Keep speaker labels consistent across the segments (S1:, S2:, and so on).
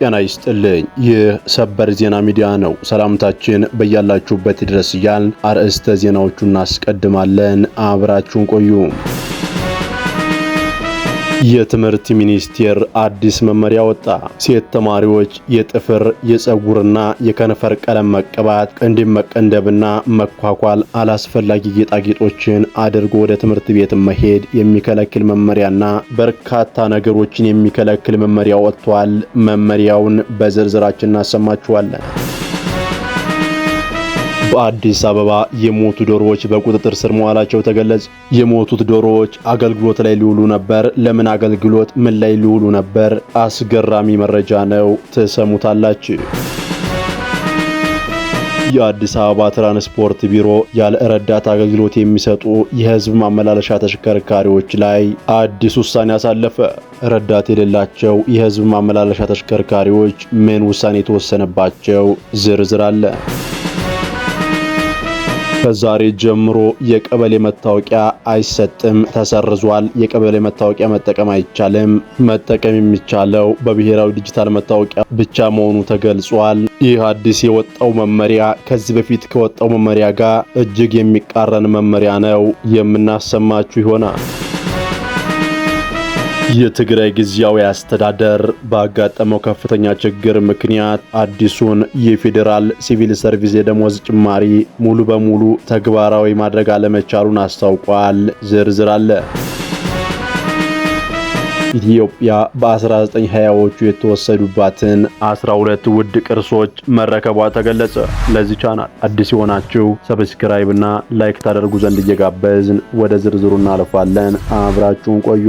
S1: ጤና ይስጥልኝ። ይህ ሰበር ዜና ሚዲያ ነው። ሰላምታችን በያላችሁበት ድረስ እያል አርዕስተ ዜናዎቹን እናስቀድማለን። አብራችሁን ቆዩ። የትምህርት ሚኒስቴር አዲስ መመሪያ ወጣ። ሴት ተማሪዎች የጥፍር የፀጉርና የከንፈር ቀለም መቀባት፣ ቅንድብ መቀንደብና መኳኳል፣ አላስፈላጊ ጌጣጌጦችን አድርጎ ወደ ትምህርት ቤት መሄድ የሚከለክል መመሪያና በርካታ ነገሮችን የሚከለክል መመሪያ ወጥቷል። መመሪያውን በዝርዝራችን እናሰማችኋለን። በአዲስ አበባ የሞቱ ዶሮዎች በቁጥጥር ስር መዋላቸው ተገለጸ። የሞቱት ዶሮዎች አገልግሎት ላይ ሊውሉ ነበር። ለምን አገልግሎት ምን ላይ ሊውሉ ነበር? አስገራሚ መረጃ ነው፣ ትሰሙታላችሁ። የአዲስ አበባ ትራንስፖርት ቢሮ ያለ ረዳት አገልግሎት የሚሰጡ የህዝብ ማመላለሻ ተሽከርካሪዎች ላይ አዲስ ውሳኔ አሳለፈ። ረዳት የሌላቸው የህዝብ ማመላለሻ ተሽከርካሪዎች ምን ውሳኔ የተወሰነባቸው ዝርዝር አለ። ከዛሬ ጀምሮ የቀበሌ መታወቂያ አይሰጥም፣ ተሰርዟል። የቀበሌ መታወቂያ መጠቀም አይቻልም። መጠቀም የሚቻለው በብሔራዊ ዲጂታል መታወቂያ ብቻ መሆኑ ተገልጿል። ይህ አዲስ የወጣው መመሪያ ከዚህ በፊት ከወጣው መመሪያ ጋር እጅግ የሚቃረን መመሪያ ነው። የምናሰማችሁ ይሆናል። የትግራይ ጊዜያዊ አስተዳደር ባጋጠመው ከፍተኛ ችግር ምክንያት አዲሱን የፌዴራል ሲቪል ሰርቪስ የደሞዝ ጭማሪ ሙሉ በሙሉ ተግባራዊ ማድረግ አለመቻሉን አስታውቋል። ዝርዝር አለ። ኢትዮጵያ በ1920ዎቹ የተወሰዱባትን 12 ውድ ቅርሶች መረከቧ ተገለጸ። ለዚህ ቻናል አዲስ የሆናችሁ ሰብስክራይብ እና ላይክ ታደርጉ ዘንድ እየጋበዝን ወደ ዝርዝሩ እናልፋለን። አብራችሁን ቆዩ።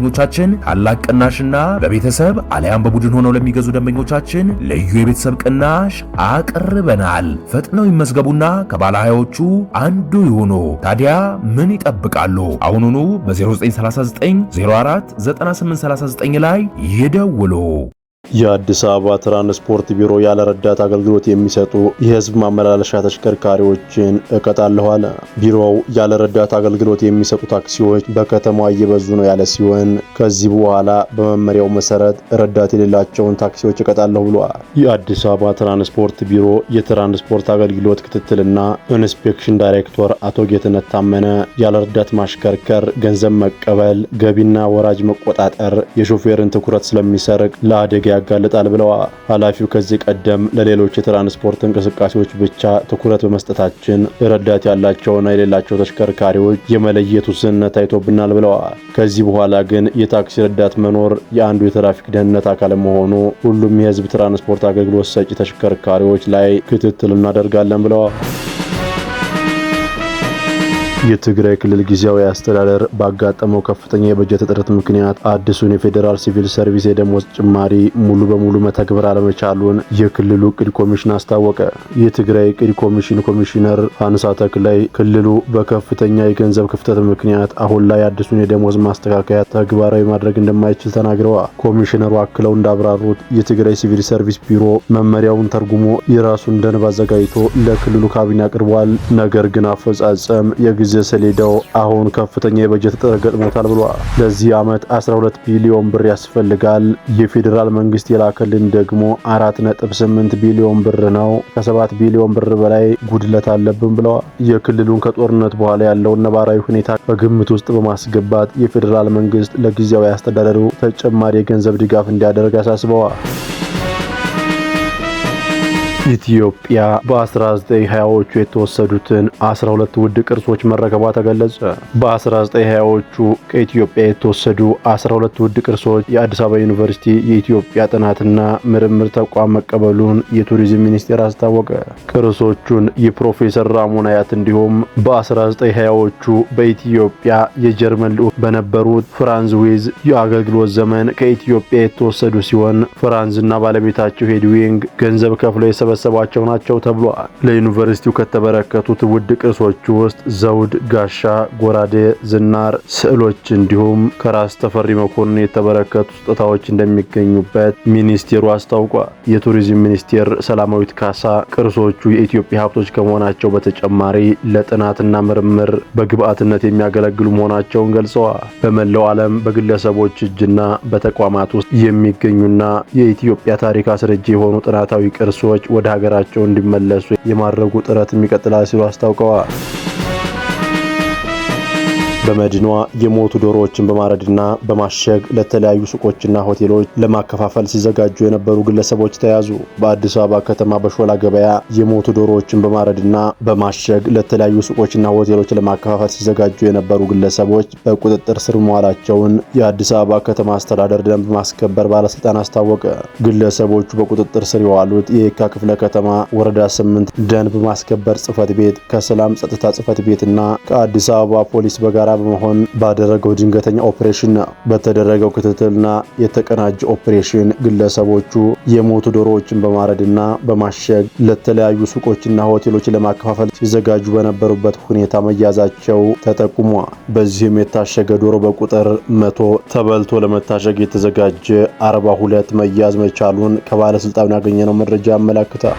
S1: ደንበኞቻችን ታላቅ ቅናሽና በቤተሰብ አሊያም በቡድን ሆነው ለሚገዙ ደንበኞቻችን ልዩ የቤተሰብ ቅናሽ አቅርበናል። ፈጥነው ይመዝገቡና ከባለ አንዱ ይሁኑ። ታዲያ ምን ይጠብቃሉ? አሁኑኑ በ0939 9839 ላይ ይደውሉ። የአዲስ አበባ ትራንስፖርት ቢሮ ያለ ረዳት አገልግሎት የሚሰጡ የህዝብ ማመላለሻ ተሽከርካሪዎችን እቀጣለሁ አለ። ቢሮው ያለ ረዳት አገልግሎት የሚሰጡ ታክሲዎች በከተማዋ እየበዙ ነው ያለ ሲሆን ከዚህ በኋላ በመመሪያው መሰረት ረዳት የሌላቸውን ታክሲዎች እቀጣለሁ ብሏል። የአዲስ አበባ ትራንስፖርት ቢሮ የትራንስፖርት አገልግሎት ክትትልና ኢንስፔክሽን ዳይሬክቶር አቶ ጌትነት ታመነ ያለ ረዳት ማሽከርከር፣ ገንዘብ መቀበል፣ ገቢና ወራጅ መቆጣጠር የሾፌርን ትኩረት ስለሚሰርቅ ለአደጋ ያጋልጣል ብለው ኃላፊው ከዚህ ቀደም ለሌሎች የትራንስፖርት እንቅስቃሴዎች ብቻ ትኩረት በመስጠታችን ረዳት ያላቸውና የሌላቸው ተሽከርካሪዎች የመለየቱ ስነት ታይቶብናል ብለዋል። ከዚህ በኋላ ግን የታክሲ ረዳት መኖር የአንዱ የትራፊክ ደህንነት አካል መሆኑ ሁሉም የህዝብ ትራንስፖርት አገልግሎት ሰጪ ተሽከርካሪዎች ላይ ክትትል እናደርጋለን ብለዋል። የትግራይ ክልል ጊዜያዊ አስተዳደር ባጋጠመው ከፍተኛ የበጀት እጥረት ምክንያት አዲሱን የፌዴራል ሲቪል ሰርቪስ የደሞዝ ጭማሪ ሙሉ በሙሉ መተግበር አለመቻሉን የክልሉ እቅድ ኮሚሽን አስታወቀ። የትግራይ እቅድ ኮሚሽን ኮሚሽነር አንሳ ተክላይ ክልሉ በከፍተኛ የገንዘብ ክፍተት ምክንያት አሁን ላይ አዲሱን የደሞዝ ማስተካከያ ተግባራዊ ማድረግ እንደማይችል ተናግረዋል። ኮሚሽነሩ አክለው እንዳብራሩት የትግራይ ሲቪል ሰርቪስ ቢሮ መመሪያውን ተርጉሞ የራሱን ደንብ አዘጋጅቶ ለክልሉ ካቢኔ አቅርቧል። ነገር ግን አፈጻጸም የጊዜ የጊዜ ሰሌዳው አሁን ከፍተኛ የበጀት እጥረት ገጥሞታል ብሏል። ለዚህ ዓመት 12 ቢሊዮን ብር ያስፈልጋል። የፌዴራል መንግስት የላከልን ደግሞ 4.8 ቢሊዮን ብር ነው። ከ7 ቢሊዮን ብር በላይ ጉድለት አለብን ብለዋል። የክልሉን ከጦርነት በኋላ ያለውን ነባራዊ ሁኔታ በግምት ውስጥ በማስገባት የፌዴራል መንግስት ለጊዜያዊ አስተዳደሩ ተጨማሪ የገንዘብ ድጋፍ እንዲያደርግ አሳስበዋል። ኢትዮጵያ በ1920ዎቹ የተወሰዱትን 12 ውድ ቅርሶች መረከቧ ተገለጸ። በ1920ዎቹ ከኢትዮጵያ የተወሰዱ 12 ውድ ቅርሶች የአዲስ አበባ ዩኒቨርሲቲ የኢትዮጵያ ጥናትና ምርምር ተቋም መቀበሉን የቱሪዝም ሚኒስቴር አስታወቀ። ቅርሶቹን የፕሮፌሰር ራሞን አያት እንዲሁም በ1920ዎቹ በኢትዮጵያ የጀርመን ልዑክ በነበሩት ፍራንዝ ዊዝ የአገልግሎት ዘመን ከኢትዮጵያ የተወሰዱ ሲሆን ፍራንዝና ባለቤታቸው ሄድዊንግ ገንዘብ ከፍለው የሰበሰቧቸው ናቸው ተብሏል። ለዩኒቨርሲቲው ከተበረከቱት ውድ ቅርሶች ውስጥ ዘውድ፣ ጋሻ፣ ጎራዴ፣ ዝናር፣ ስዕሎች እንዲሁም ከራስ ተፈሪ መኮንን የተበረከቱ ስጦታዎች እንደሚገኙበት ሚኒስቴሩ አስታውቋል። የቱሪዝም ሚኒስቴር ሰላማዊት ካሳ ቅርሶቹ የኢትዮጵያ ሀብቶች ከመሆናቸው በተጨማሪ ለጥናትና ምርምር በግብአትነት የሚያገለግሉ መሆናቸውን ገልጸዋል። በመላው ዓለም በግለሰቦች እጅና በተቋማት ውስጥ የሚገኙና የኢትዮጵያ ታሪክ አስረጅ የሆኑ ጥናታዊ ቅርሶች ወደ ሀገራቸው እንዲመለሱ የማድረጉ ጥረትም ይቀጥላል ሲሉ አስታውቀዋል። በመድኗ የሞቱ ዶሮዎችን በማረድና በማሸግ ለተለያዩ ሱቆችና ሆቴሎች ለማከፋፈል ሲዘጋጁ የነበሩ ግለሰቦች ተያዙ። በአዲስ አበባ ከተማ በሾላ ገበያ የሞቱ ዶሮዎችን በማረድና በማሸግ ለተለያዩ ሱቆችና ሆቴሎች ለማከፋፈል ሲዘጋጁ የነበሩ ግለሰቦች በቁጥጥር ስር መዋላቸውን የአዲስ አበባ ከተማ አስተዳደር ደንብ ማስከበር ባለስልጣን አስታወቀ። ግለሰቦቹ በቁጥጥር ስር የዋሉት የየካ ክፍለ ከተማ ወረዳ ስምንት ደንብ ማስከበር ጽህፈት ቤት ከሰላም ጸጥታ ጽህፈት ቤትና ከአዲስ አበባ ፖሊስ በጋራ በመሆን ባደረገው ድንገተኛ ኦፕሬሽን ነው። በተደረገው ክትትልና የተቀናጀ ኦፕሬሽን ግለሰቦቹ የሞቱ ዶሮዎችን በማረድና በማሸግ ለተለያዩ ሱቆችና ሆቴሎች ለማከፋፈል ሲዘጋጁ በነበሩበት ሁኔታ መያዛቸው ተጠቁሟል። በዚህም የታሸገ ዶሮ በቁጥር መቶ ተበልቶ ለመታሸግ የተዘጋጀ 42 መያዝ መቻሉን ከባለስልጣኑ ያገኘነው መረጃ ያመላክታል።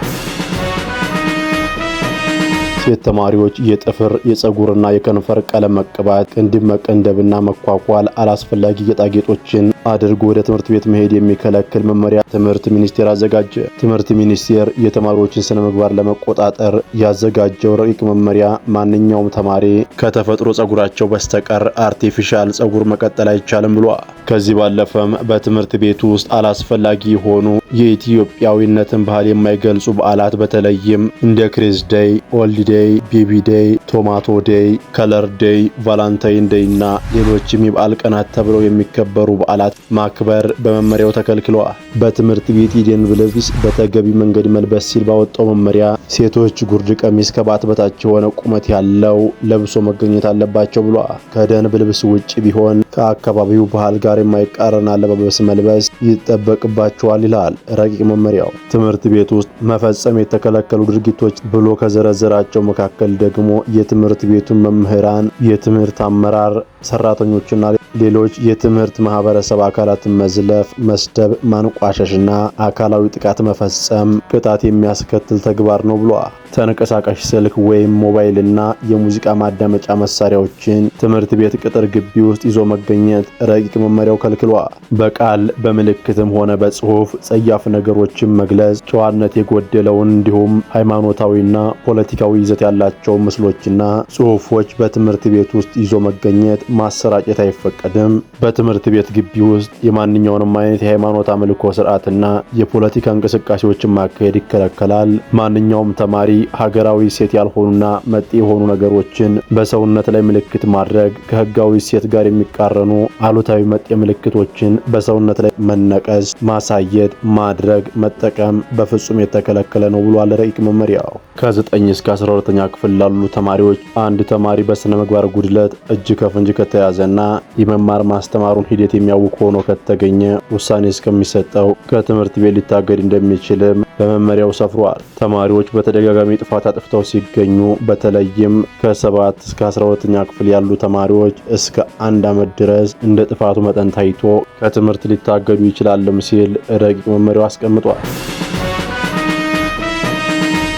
S1: ሴት ተማሪዎች የጥፍር የፀጉርና የከንፈር ቀለም መቀባት፣ ቅንድብ መቀንደብና መኳኳል፣ አላስፈላጊ ጌጣጌጦችን አድርጎ ወደ ትምህርት ቤት መሄድ የሚከለክል መመሪያ ትምህርት ሚኒስቴር አዘጋጀ። ትምህርት ሚኒስቴር የተማሪዎችን ስነ ምግባር ለመቆጣጠር ያዘጋጀው ረቂቅ መመሪያ ማንኛውም ተማሪ ከተፈጥሮ ጸጉራቸው በስተቀር አርቲፊሻል ጸጉር መቀጠል አይቻልም ብሏል። ከዚህ ባለፈም በትምህርት ቤት ውስጥ አላስፈላጊ የሆኑ የኢትዮጵያዊነትን ባህል የማይገልጹ በዓላት በተለይም እንደ ክሬዝ ደይ፣ ኦልድ ዴይ፣ ቤቢ ዴይ፣ ቶማቶ ዴይ፣ ከለር ዴይ፣ ቫላንታይን ዴይ እና ሌሎችም የበዓል ቀናት ተብለው የሚከበሩ በዓላት ማክበር በመመሪያው ተከልክለዋል። በትምህርት ቤት የደንብ ልብስ በተገቢ መንገድ መልበስ ሲል ባወጣው መመሪያ ሴቶች ጉርድ ቀሚስ ከባት በታች የሆነ ቁመት ያለው ለብሶ መገኘት አለባቸው ብሏል። ከደንብ ልብስ ውጭ ቢሆን ከአካባቢው ባህል ጋር የማይቃረን አለባበስ መልበስ ይጠበቅባቸዋል ይላል ረቂቅ መመሪያው። ትምህርት ቤት ውስጥ መፈጸም የተከለከሉ ድርጊቶች ብሎ ከዘረዘራቸው መካከል ደግሞ የትምህርት ቤቱን መምህራን፣ የትምህርት አመራር ሰራተኞችና ሌሎች የትምህርት ማህበረሰብ አካላትን መዝለፍ፣ መስደብ፣ ማንቋሸሽና አካላዊ ጥቃት መፈጸም ቅጣት የሚያስከትል ተግባር ነው ብሏል። ተንቀሳቃሽ ስልክ ወይም ሞባይልና የሙዚቃ ማዳመጫ መሳሪያዎችን ትምህርት ቤት ቅጥር ግቢ ውስጥ ይዞ መገኘት ረቂቅ መመሪያው ከልክሏል። በቃል በምልክትም ሆነ በጽሁፍ ጸያፍ ነገሮችን መግለጽ ጨዋነት የጎደለውን እንዲሁም ሃይማኖታዊና ፖለቲካዊ ይዘት ያላቸው ምስሎችና ጽሑፎች በትምህርት ቤት ውስጥ ይዞ መገኘት፣ ማሰራጨት አይፈቀድም። በትምህርት ቤት ግቢ ውስጥ የማንኛውንም አይነት የሃይማኖት አምልኮ ስርዓትና የፖለቲካ እንቅስቃሴዎችን ማካሄድ ይከለከላል። ማንኛውም ተማሪ ሀገራዊ ሴት ያልሆኑና መጤ የሆኑ ነገሮችን በሰውነት ላይ ምልክት ማድረግ፣ ከህጋዊ ሴት ጋር የሚቃረኑ አሉታዊ መጤ ምልክቶችን በሰውነት ላይ መነቀስ፣ ማሳየት፣ ማድረግ፣ መጠቀም በፍጹም የተከለከለ ነው ብሏል ረቂቅ መመሪያው ከ9 እስከ 12 12ኛ ክፍል ላሉ ተማሪዎች አንድ ተማሪ በስነ ምግባር ጉድለት እጅ ከፍንጅ ከተያዘና የመማር ማስተማሩን ሂደት የሚያውቅ ሆኖ ከተገኘ ውሳኔ እስከሚሰጠው ከትምህርት ቤት ሊታገድ እንደሚችልም በመመሪያው ሰፍሯል። ተማሪዎች በተደጋጋሚ ጥፋት አጥፍተው ሲገኙ በተለይም ከሰባት እስከ 12ኛ ክፍል ያሉ ተማሪዎች እስከ አንድ ዓመት ድረስ እንደ ጥፋቱ መጠን ታይቶ ከትምህርት ሊታገዱ ይችላልም ሲል ረቂቅ መመሪያው አስቀምጧል።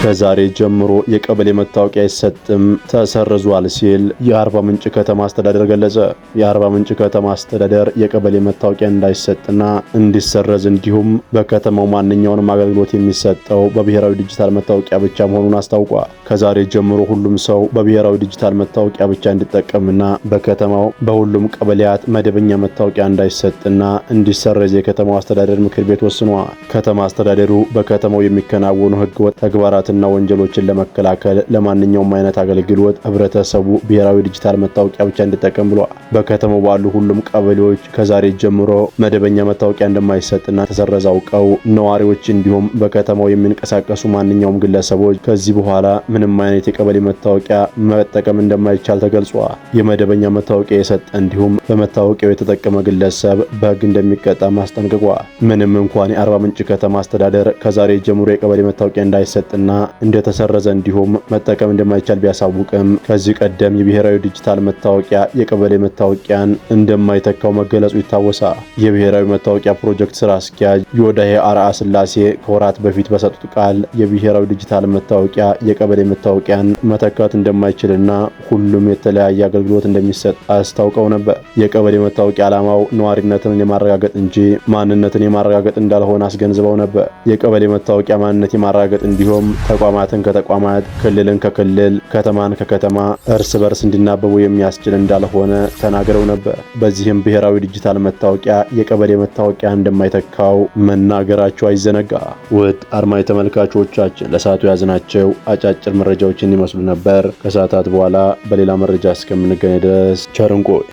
S1: ከዛሬ ጀምሮ የቀበሌ መታወቂያ አይሰጥም፣ ተሰርዟል ሲል የአርባ ምንጭ ከተማ አስተዳደር ገለጸ። የአርባ ምንጭ ከተማ አስተዳደር የቀበሌ መታወቂያ እንዳይሰጥና እንዲሰረዝ እንዲሁም በከተማው ማንኛውንም አገልግሎት የሚሰጠው በብሔራዊ ዲጂታል መታወቂያ ብቻ መሆኑን አስታውቋል። ከዛሬ ጀምሮ ሁሉም ሰው በብሔራዊ ዲጂታል መታወቂያ ብቻ እንዲጠቀምና በከተማው በሁሉም ቀበሌያት መደበኛ መታወቂያ እንዳይሰጥና እንዲሰረዝ የከተማው አስተዳደር ምክር ቤት ወስኗል። ከተማ አስተዳደሩ በከተማው የሚከናወኑ ህገወጥ ተግባራትን ጥፋትና ወንጀሎችን ለመከላከል ለማንኛውም አይነት አገልግሎት ህብረተሰቡ ብሔራዊ ዲጂታል መታወቂያ ብቻ እንዲጠቀም ብሏል። በከተማው ባሉ ሁሉም ቀበሌዎች ከዛሬ ጀምሮ መደበኛ መታወቂያ እንደማይሰጥና ተሰረዘ አውቀው ነዋሪዎች እንዲሁም በከተማው የሚንቀሳቀሱ ማንኛውም ግለሰቦች ከዚህ በኋላ ምንም አይነት የቀበሌ መታወቂያ መጠቀም እንደማይቻል ተገልጿል። የመደበኛ መታወቂያ የሰጠ እንዲሁም በመታወቂያው የተጠቀመ ግለሰብ በህግ እንደሚቀጣ ማስጠንቅቋል። ምንም እንኳን የአርባ ምንጭ ከተማ አስተዳደር ከዛሬ ጀምሮ የቀበሌ መታወቂያ እንዳይሰጥና እንደተሰረዘ እንዲሁም መጠቀም እንደማይቻል ቢያሳውቅም ከዚህ ቀደም የብሔራዊ ዲጂታል መታወቂያ የቀበሌ መታወቂያን እንደማይተካው መገለጹ ይታወሳል። የብሔራዊ መታወቂያ ፕሮጀክት ስራ አስኪያጅ ዮዳሄ አርአ ስላሴ ከወራት በፊት በሰጡት ቃል የብሔራዊ ዲጂታል መታወቂያ የቀበሌ መታወቂያን መተካት እንደማይችልና ሁሉም የተለያየ አገልግሎት እንደሚሰጥ አስታውቀው ነበር። የቀበሌ መታወቂያ ዓላማው ነዋሪነትን የማረጋገጥ እንጂ ማንነትን የማረጋገጥ እንዳልሆነ አስገንዝበው ነበር። የቀበሌ መታወቂያ ማንነት የማረጋገጥ እንዲሁም ተቋማትን ከተቋማት ክልልን ከክልል ከተማን ከከተማ እርስ በርስ እንዲናበቡ የሚያስችል እንዳልሆነ ተናግረው ነበር። በዚህም ብሔራዊ ዲጂታል መታወቂያ የቀበሌ መታወቂያ እንደማይተካው መናገራቸው አይዘነጋ። ውድ አድማጭ ተመልካቾቻችን ለሰዓቱ ያዝናቸው አጫጭር መረጃዎችን ይመስሉ ነበር። ከሰዓታት በኋላ በሌላ መረጃ እስከምንገናኝ ድረስ ቸርንቆይ